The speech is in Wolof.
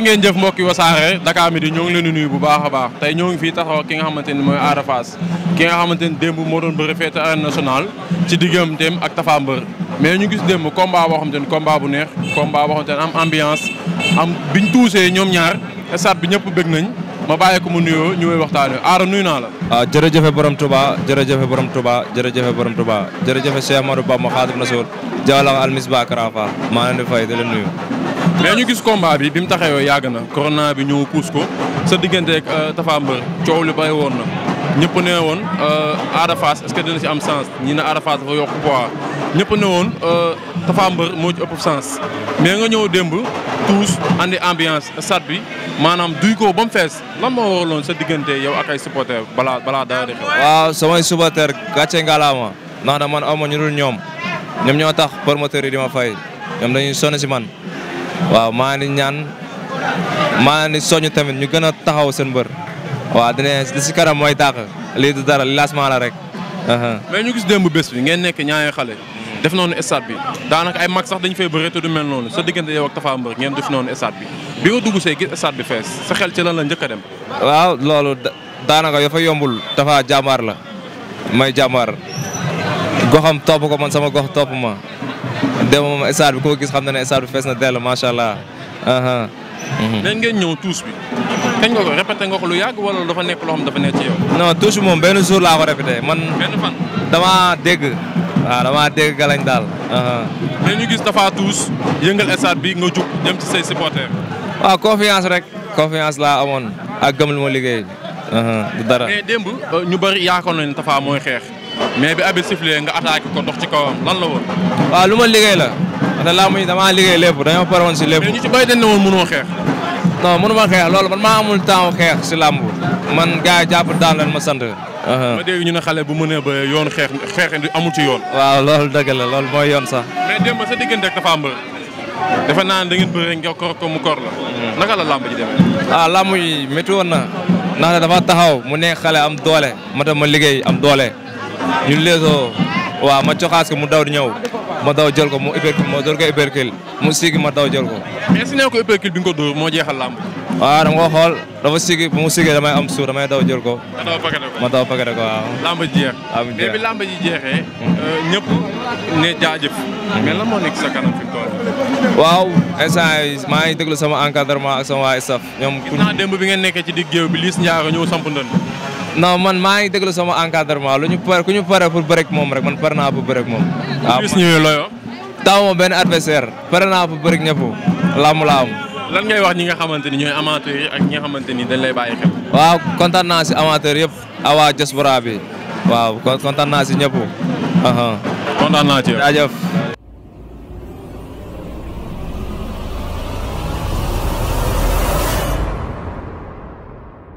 jërë ngeen jëf mbokki wasaare Dakar Midi ñoo leen di nuyu bu baax a baax tey ñoo ngi fii taxaw ki nga xamante ni mooy Ada Fass ki nga xamante ni démb moo doon bëri fête arène nationale ci digganteem ak Tapha Mbeur mais ñu gis démb combat boo xamante ni combat bu neex combat boo xamante ni am ambiance am biñ tuusee ñoom ñaar stade bi ñëpp bëgg nañ ma bàyyi ko mu nuyoo ñu woy waxtaanee Ada nuyu la. ah jërëjëf borom Touba jërëjëf borom Touba jërëjëf borom Touba jërëjëf Cheikh Amadou Bamba Xaadimu Rasuul Jawlax Al Misbah Karafa maa leen di fay di leen nuyu mais ñu gis combat bi bi mu taxawoo yàgg na corona bi ñëw puus ko sa digganteeg euh, Tapha Mbeur coow li bari woon na ñëpp ne woon euh, Ada Fass est-ce que dina ci am sens ñi ne Ada Fass dafa yokk poids ñëpp ne woon euh, Tapha Mbeur moo ci ëpp sens mais nga ñëw démb tous andi ambiance stade bi maanaam duy ko ba mu fees lan moo loon sa diggante yow ak ay supporters balaa balaa dara di xew. waaw samay supporters gàcce ngalaama ndax man aw ma ñu dul ñoom ñoom ñoo tax promoteurs yi di ma fay ñoom dañuy sonn ci waaw maani ñaan maa ngi soñu tamit ñu gën a taxaw seen mbër waaw dina li si kanam mooy dàq lii du dara li lancement la rek. mais ñu gis démb bés bi ngeen nekk ñaari xale. def noonu stade bi daanaka ay mag sax dañu fay bëre te du mel noonu sa diggante yow ak Tapha Mbeur ngeen def noonu stade bi bi nga dugg see gis stade bi fees sa xel ci lan la njëkk a dem. waaw loolu daanaka dafa yombul dafaa jàmbaar la mooy jàmbaar goxam topp ko man sama gox topp ma. dem moom stade bi koo gis xam na ne stade bi fees na dell macha allah. Mhm. mais ngeen ñëw tuus bi. kañ nga ko répété nga lu yàgg wala dafa nekk loo xam dafa ne ci yow. tuus bi moom benn jour laa ko répété man. benn fan. damaa dégg. waaw damaa dégg galañ daal. mais ñu gis dafa tuus yëngal stade bi nga jug dem ci say supporters. waaw confiance rek. confiance laa amoon ak gëm lu ma liggéey. du dara mais démb euh, ñu bari yaakaaroon nañu Tapha mooy xeex. mais bi abi sifflé nga attaqué ko dox ci kawam lan la woon. waaw lu ma liggéey la parce que làmb yi damaa liggéey lépp dañoo pare woon si lépp. mais ñu ci béy dañ ne woon mënoo xeex. non mënu ma xeex loolu man maa amul temps xeex si lamb man gars yi jàpp daan leen ma sant. Uh-huh. ma dégg ñu na xale bu mënee ba yoon xeex xeex amul ci yoon. waa loolu dëgg lool mooy yoon sax. mais démb sa diggante ak dafa am defe naa da ngeen bëri nga kor ko la. Hmm. naka la làmb ji demee. ah làmb yi métti woon na. ndax dafa taxaw mu nekk xale am doole ma dem ma liggéey am doole. ñu léegoo waaw ma coxaas ko mu daw di ñëw ma daw jël ko mu uppercut ma dóor ko uppercut mu sigi ma daw jël ko. mais si nee ko uppercut bi nga ko dóor moo jeexal làmb. waaw dama ko xool dafa sigi mu sigee damay am suuf damay daw jël ko. ma daw pakete ko ma daw pakete ji jeex. mais bi làmb ji jeexee. Hmm. Euh, ñëpp ne jaajëf. mais lan moo nekk sa kanam fi tool waaw instant yi maa ngi déglu sama encadrement ak sama waa staff. ñoom gis naa démb bi ngeen nekkee ci digg géew bi Liss Ndiago ñëw non man maa ngi déglu sama encadrement lu ñu pare ku ñu pare pour bëreeg moom rek man pare naa pour moom. waaw ah, ah, bis ñëwee looyoo. taw ma benn adversaire pare naa pour bëreeg ñëpp laamu laam. lan ngay wax ñi nga xamante ni ñooy amateurs ak ñi nga xamante ni dañ lay bàyyi xel. waaw kontaan si amateur yëpp awaa diaspora bi waaw kontaan naa si ñëpp.